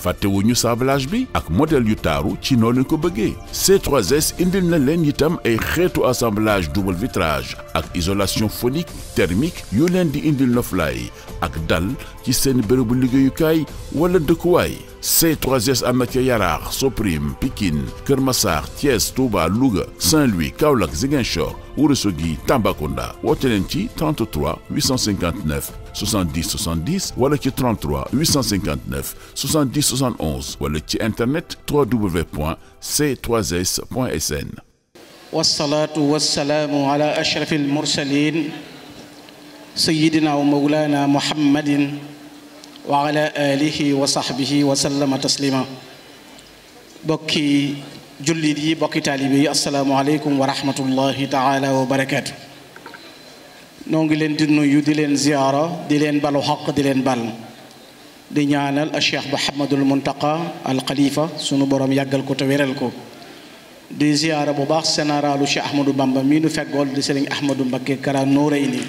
fàttewuñu sablage bi ak modèle yu taaru ci noonu ko bëggee c 3 indil na leen itam ay xeetu assemblage double vitrage ak isolation phonique thermique yu leen di indil noflaay ak dal ci seen bërëbu liggéeyukaay wala dëkkuwaay C3S am na ca Yaraax Soprim Pikine Kër Massar Thiès Touba Louga Saint-Louis Kaolack Ziguinchor Ourossogui Tambacounda woote leen ci 33 859 70 70 wala ci 33 859 70 71 wala ci internet www.c3s.sn wasalaatu wasalaamu ala ashraf almursalin sayidina wa mawlana muhammadin wa ala alihi wa sahbihi wa sallama taslima bokki jullit yi bokki taalibe yi asalaamaaleykum wa rahmatullahi taala wa barakaatu noo ngi leen di nuyu di leen ziyaara di leen balu xaq di leen bal di ñaanal a cheikh mohamadul muntaqa al xalifa sunu boroom yàggal ko te weral ko di ziyaara bu baax sénéralu cheikh ahmadou bamba mii nu di sëriñ ahmadou mbakke kara nóoray ni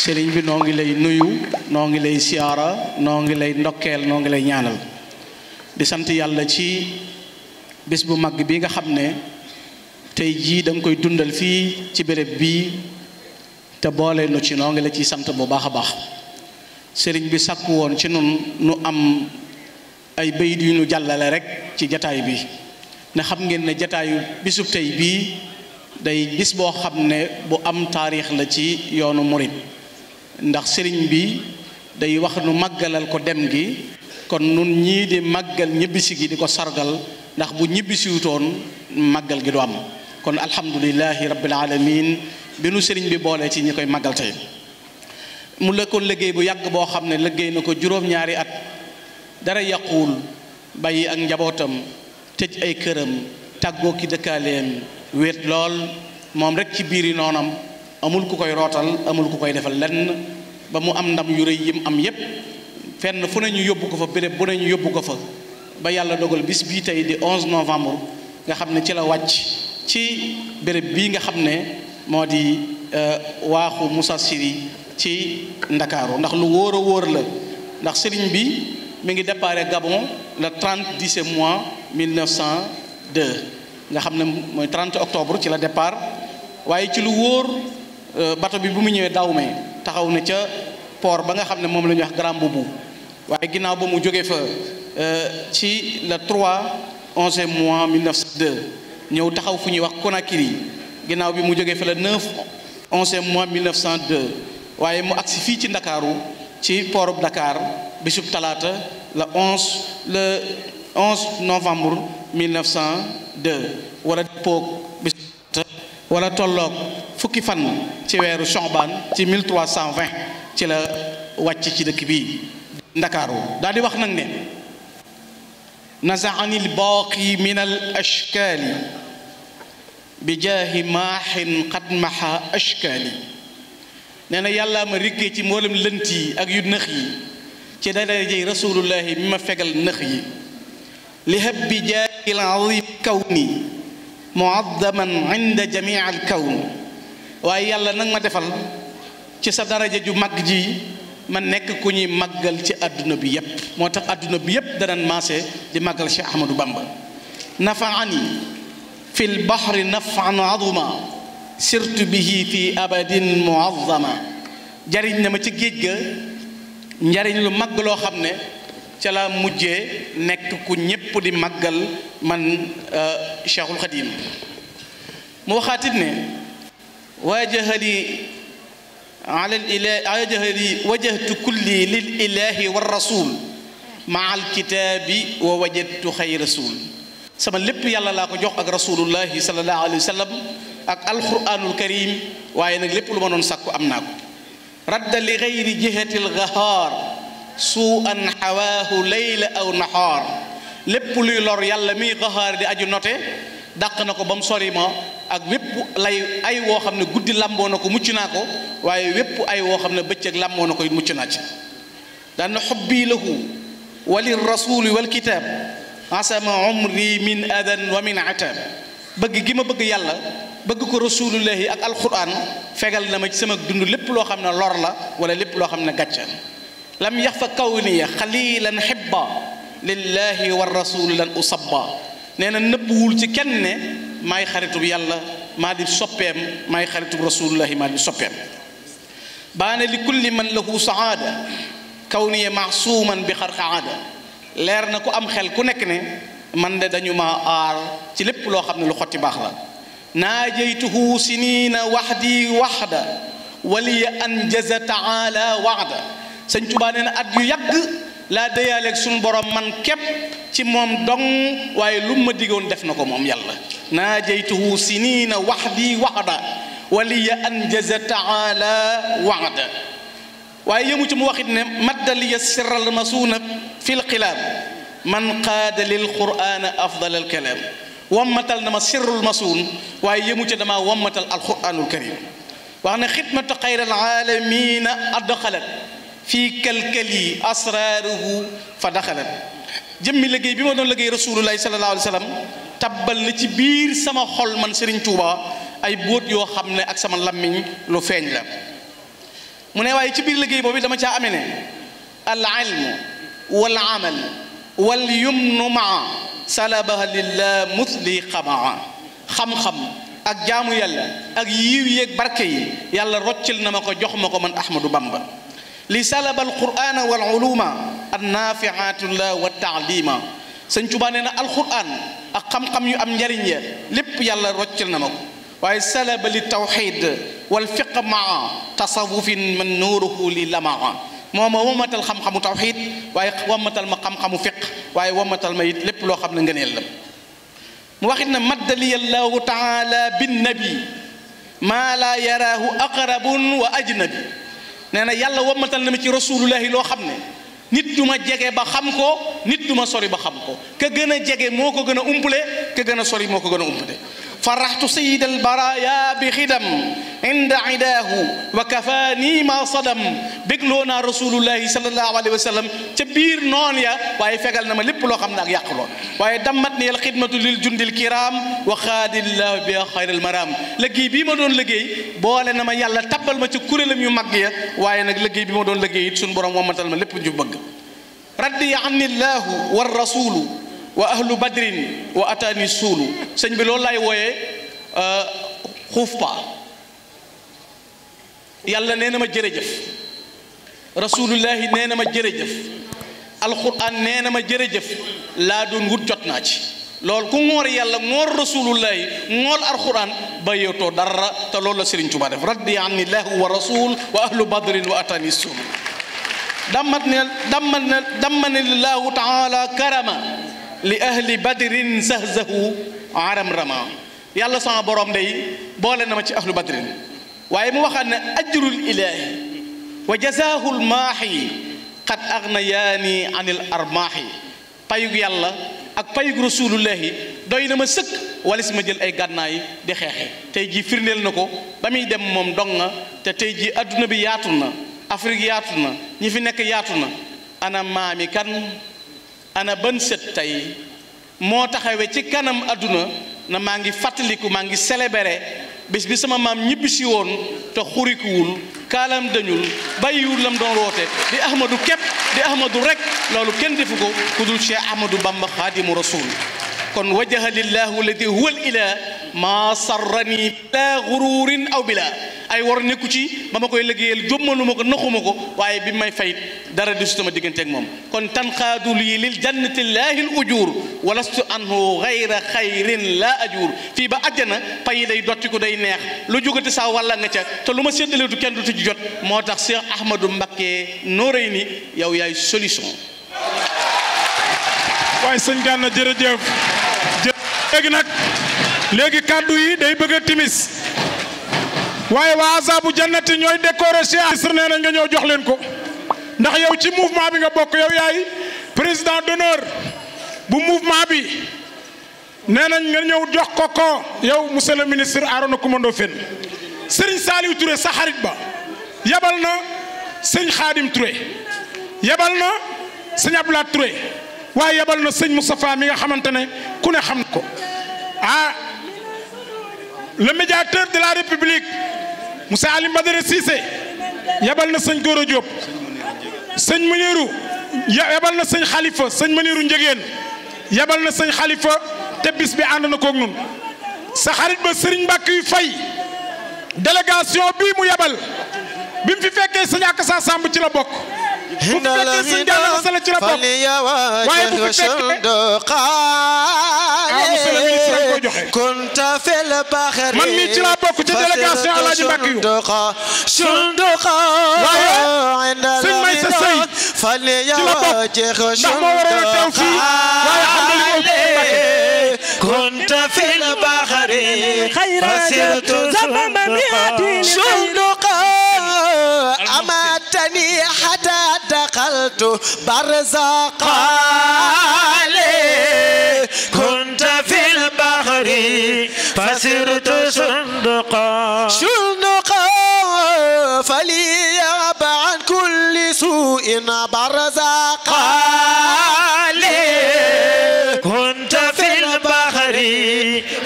sëriñ bi noo ngi lay nuyu noo ngi lay ziyaara noo ngi lay ndokkeel noo ngi lay ñaanal di sant yàlla ci bis bu mag bi nga xam ne tey jii da koy dundal fii ci bërëb bii te boole nu ci noo ngi la ciy sant bu baax a baax sëriñ bi sàkku woon ci nun nu am ay bayit yu ñu jàllale rek ci jataay bi ne xam ngeen ne jataayu bisu tey bii day bis boo xam ne bu am taarix la ci yoonu murit ndax sëriñ bi day wax nu màggalal ko dem gi kon nun ñii di màggal ñibbisi gi di ko sargal ndax bu ñibbisiwutoon màggal gi du am kon alhamdulilahi rabbil alamin bi nu sëriñ bi boolee ci ñi koy màggal tey mu lëkkoon liggéey bu yàgg boo xam ne liggéey na ko juróom-ñaari at dara yàquwul bàyyi ak njabootam tëj ay këram tàggoo ki dëkkaaleem wéet lool moom rek ci biir yi noonam amul ku koy rootal amul ku koy defal lenn ba mu am ndam yu rëy am yépp fenn fu nañu yóbbu ko fa béréb bu nañu yóbbu ko fa ba yàlla dogal bis bii tey di 11 novembre nga xam ne ci la wàcc ci béréb bii nga xam ne moo di euh, waaxu Moussasiri ci ndakaaru ndax lu wóor a wóor la ndax sëriñ bi mu ngi déparé Gabon le 30 17 mois 1902 nga xam ne mooy 30 octobre ci la départ waaye ci lu wóor euh, bato bi bu mu ñëwee Dahomey taxaw na ca poor ba nga xam ne moom la ñuy wax Grand Boubou waaye ginnaaw ba mu jógee fa Euh, ci le 3 11e mois ñëw taxaw fu ñuy wax Conakry ginnaaw bi mu jógee fa le 9 11e mois 1902 waaye mu agsi fii ci ndakaaru ci port Dakar bisub talaata la 11 le 11 novembre 1902 wala poog bisub wala tolloog fukki fan ci weeru Chaban ci 1320 ci la wàcc ci dëkk bi ndakaaru daal di wax nag ne نزعني الباقي من الأشكال بجاه ماح قد محى أشكالي nee na yàllaa ma rikkee ci mboolem lënt yi ak yu nëx yi ci darajey rasulullahi mi ma fegal nëx yi li hab bi jaahi al-azim kawni muaddaman inda jamii al kawn waaye yàlla nag ma defal ci sa daraja ju mag ji ma nekk ku ñuy màggal ci àdduna bi yépp moo tax àdduna bi yépp danañ maase di màggal Cheikh Ahmadou Bamba nafaani fi lbahri nafan azuma bi bihi fi abadin muazzama jariñ na ma ci géej ga njariñ lu màgg loo xam ne ca la mujjee nekk ku ñépp di màggal man euh, Cheikhul Xadim mu waxaatit ne waajahali ala al jahri wajahtu kulli lil ilahi wa rasul maa al kitaabi wa wajadtu xay rasul sama lépp yàlla laa ko jox ak rasulullahi salallahu alayhi wa sallam ak alquranul karim waaye nag lépp lu ma doon sàkku am naa ko radda li gayri jihati lgahaar suu an xawaahu layla aw nahaar lépp luy lor yàlla miy gahaar di aju note dàq na ko ba mu sori ma ak wépp lay ay woo xam ne guddi làmboo na ko mucc naa ko waaye wépp ay woo xam ne bëccëg làmboo na ko mucc naa ci daan na xubbii lahu wa lil rasuli wal kitaab asama umri min adan wa min atab bëgg gi ma bëgg yàlla bëgg ko rasulullahi ak alquran fegal na ma ci sama dund lépp loo xam ne lor la wala lépp loo xam ne gàcca lam yax fa kawniya xalilan xibba lillahi wa rasuli lan usabba nee na nëbbuwul ci kenn ne maay xaritub yàlla maa di soppeem maay xaritub rasulullahi maa di soppeem baane li kulli man lahu saada kawniya maxsuuman bi xarxaada leer na ku am xel ku nekk ne man de dañu ma aar ci lépp loo xam ne lu xotti baax la naajaytuhu sinina waxdi waxda waliya anjaza taala waxda sëñ Tuubaa nee na at yu yàgg laa déyaaleeg suñu borom man képp ci moom dong waaye lu ma digoon def na ko moom yàlla naajaytuhu sinina waxdi waxda waliya anjaza taala waxda waaye yëmu ci mu waxit ne maddaliya sirral masuuna fil xilaam man qaada lil qur'aana afdal al kalaam wammatal na ma sirrul masuun waaye yëmu ci damaa wammatal alquraanul karim wax ne xidmatu xayral aalamiina adxalat fii kalkal yi asraaruhu fa daxalat jëmmi liggéey bi ma doon liggéey rasulullahi sallallahu alayhi wa sallam tabbal na ci biir sama xol man Serigne Touba ay bóot yoo xam ne ak sama lammiñ lu feeñ la mu ne waaye ci biir liggéey boobu dama caa amee ne al ilmu wal amal wal yumnu maa salabaha lillah musli xamaa xam-xam ak jaamu yàlla ak yiiw yeeg barke yi yàlla roccal na ma ko jox ma ko man Ahmadou Bamba li salaba alqurana wal uluma annaafiatullah wa taalima sëñ Tuubaa nee na alquran ak xam-xam yu am njariñ ya lépp yàlla roccal na ma ko waaye salaba li tawxid wal fiq maa tasawufin man nuuruhu li lamaa moo ma wammatal xam-xamu tawxid waaye wammatal ma xam-xamu fiq waaye wammatal ma it lépp loo xam ne ngëneel la mu waxit na maddaliya llahu taala binnabi maa laa yaraahu aqrabun wa ajnabi nee na yàlla wammatal na ma ci rasulullahi loo xam ne nit du ma jege ba xam ko nit du ma sori ba xam ko ka gën a jege moo ko gën a umpale ka gën a sori moo ko gën a umpale faraxtu sayid albaraya bi xidam inda idaahu wa kafaani ma sadam bégloo naa rasulullahi salallahu alayhi wa sallam ca biir noon ya waaye fegal na ma lépp loo xam ne ak yàq lool waaye dammat ni al xidmatu lil jundil kiram wa xaadillahu bi xayril maram liggéey bii ma doon liggéey boole na ma yàlla tabbal ma ci kuréelam yu mag ya waaye nag liggéey bi ma doon liggéey it suñu borom wamatal ma lépp ñu bëgg raddi anillahu wa rasulu wa ahlu badrin wa ataani suulu sëñ bi loolu laay wooyee euh, xuuf pa yàlla nee na ma jërëjëf rasulullahi nee na ma jërëjëf alquran nee na ma jërëjëf laa doon wut jot naa ci loolu ku ŋoor yàlla ŋoor rasulullahi ŋool alquran bàyyootoo dara te loolu la Sëriñ Tuubaa def raddi anillahu wa rasul wa ahlu badrin wa ataani suulu dammat ne dammat ne dammanillahu taala karama li ahli badrin sahzahu aram rama yàlla sama borom day boole na ma ci ahlu badrin waaye mu waxaat ne ajrul ilaahi wa jazaahul maaxi qad agnayaani anil armaaxi payug yàlla ak payug rasulullahi doy na ma sëkk walis ma jël ay gànnaay di xeexe tey jii firndeel na ko ba muy dem moom dong na te tey jii adduna bi yaatu na Afrique yaatu na ñi fi nekk yaatu na ana kan ana ban set tey moo taxawee ci kanam àdduna na maa ngi fàttaliku maa ngi célébrer bés bi sama maam ñibbisi woon te xurikuwul kaalam dañul bàyyiwul lam doon woote di ahmadu képp di ahmadu rek loolu kenn defu ko ku dul Cheikh Ahmadu Bamba xaadimu rasul kon wajaha lillahu alladi huwa al ilah maa sarrani bila gururin aw bila ay war nekku ci ba ma koy liggéeyal jommalu ma ko naxuma ko waaye bi may fayit dara di sutama diggante ak moom kon tanxaadu lii lil jannati llaahi l ujuur walastu anhu gayra xayrin la ajuur fii ba àjjana pay day dotti ko day neex lu jógati saa walla nga ca te lu ma séddaleetu kenn du ci jot moo tax Cheikh Ahmadou Mbacké Noreyni yow yaay solution waaye sëñ Gana jërëjëf léegi nag léegi kàddu yi day bëgg timis waaye waa azabu jannati ñooy décorer Cheikh ministre nee na nga ñëw jox leen ko ndax yow ci mouvement bi nga bokk yow yaay président d'honneur bu mouvement bi nee nañ nga ñëw jox ko ko yow monsieur le ministre Arona Koumando Fène Serigne Saliou Touré sa xarit ba yabal na sëñ Khadim Touré yabal na sëñ Abdoulaye Touré waaye yabal na sëñ Moustapha mi nga xamante ne ku ne xam ko ah le médiateur de la République Moussa Ali Madara Cissé yabal na sëñ Goro Diop sëñ Mëneeru yabal na sëñ Khalifa sëñ Mëneeru Njegeen yabal na sëñ xalifa te bi ànd na koog nun sa xarit ba Serigne Mbàkke yu fay délégation bii mu yabal bi mu fi fekkee sëñ Akassa Samb ci la bokk. bu ci la bu fi fekkee ah monsieur le man mii ci laa bokk ci délégation Alaaji Mbàkke yu sunduqa waaye suñ may sa sëy ci la bokk ndax moo waroon a teew fii waaye xam nga li ko kunta fil bahri fasirtu sunduqa amatani hatta dakhaltu barzaqa kunta fil bahri fasirtu شنقا شنقا فليعب عن كل سوء برزقا كنت في البحر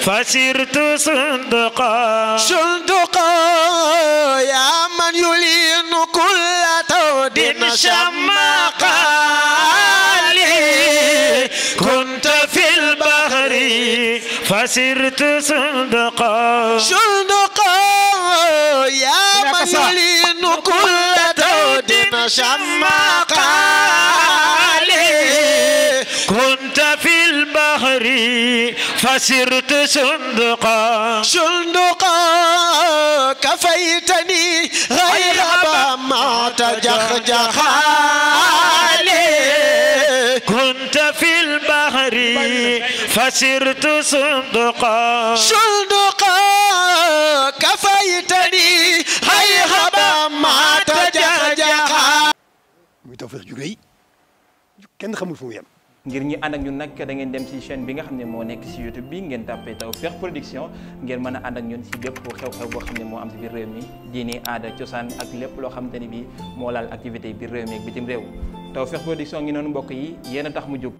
فسرت صندقا صندقا يا من يلين كل تود شمال وسرت صندقا صندقا يا من يلين كل دود شمقا كنت في البحر فسرت صندقا صندقا كفيتني غير ما تجخجخا فسرت صندقا صندقا كفيتني هيهبا ما تجاجا muy Tawfekh ju rëy kenn xamul fu mu ngir ñi ànd ñun nag da ngeen dem ci chaine bi nga xam ne moo nekk ci YouTube bi ngeen tàppee Tawfekh Production ngeen mën a àndak ñun ci bépp xew-xew boo xam ne moo am ci biir réew mi diini aada cosaan ak lépp loo xamante ni bi moo laal activité biir réew mi bitim réew Tawfekh Production ngi noonu mbokk yi yéen a tax mu jóg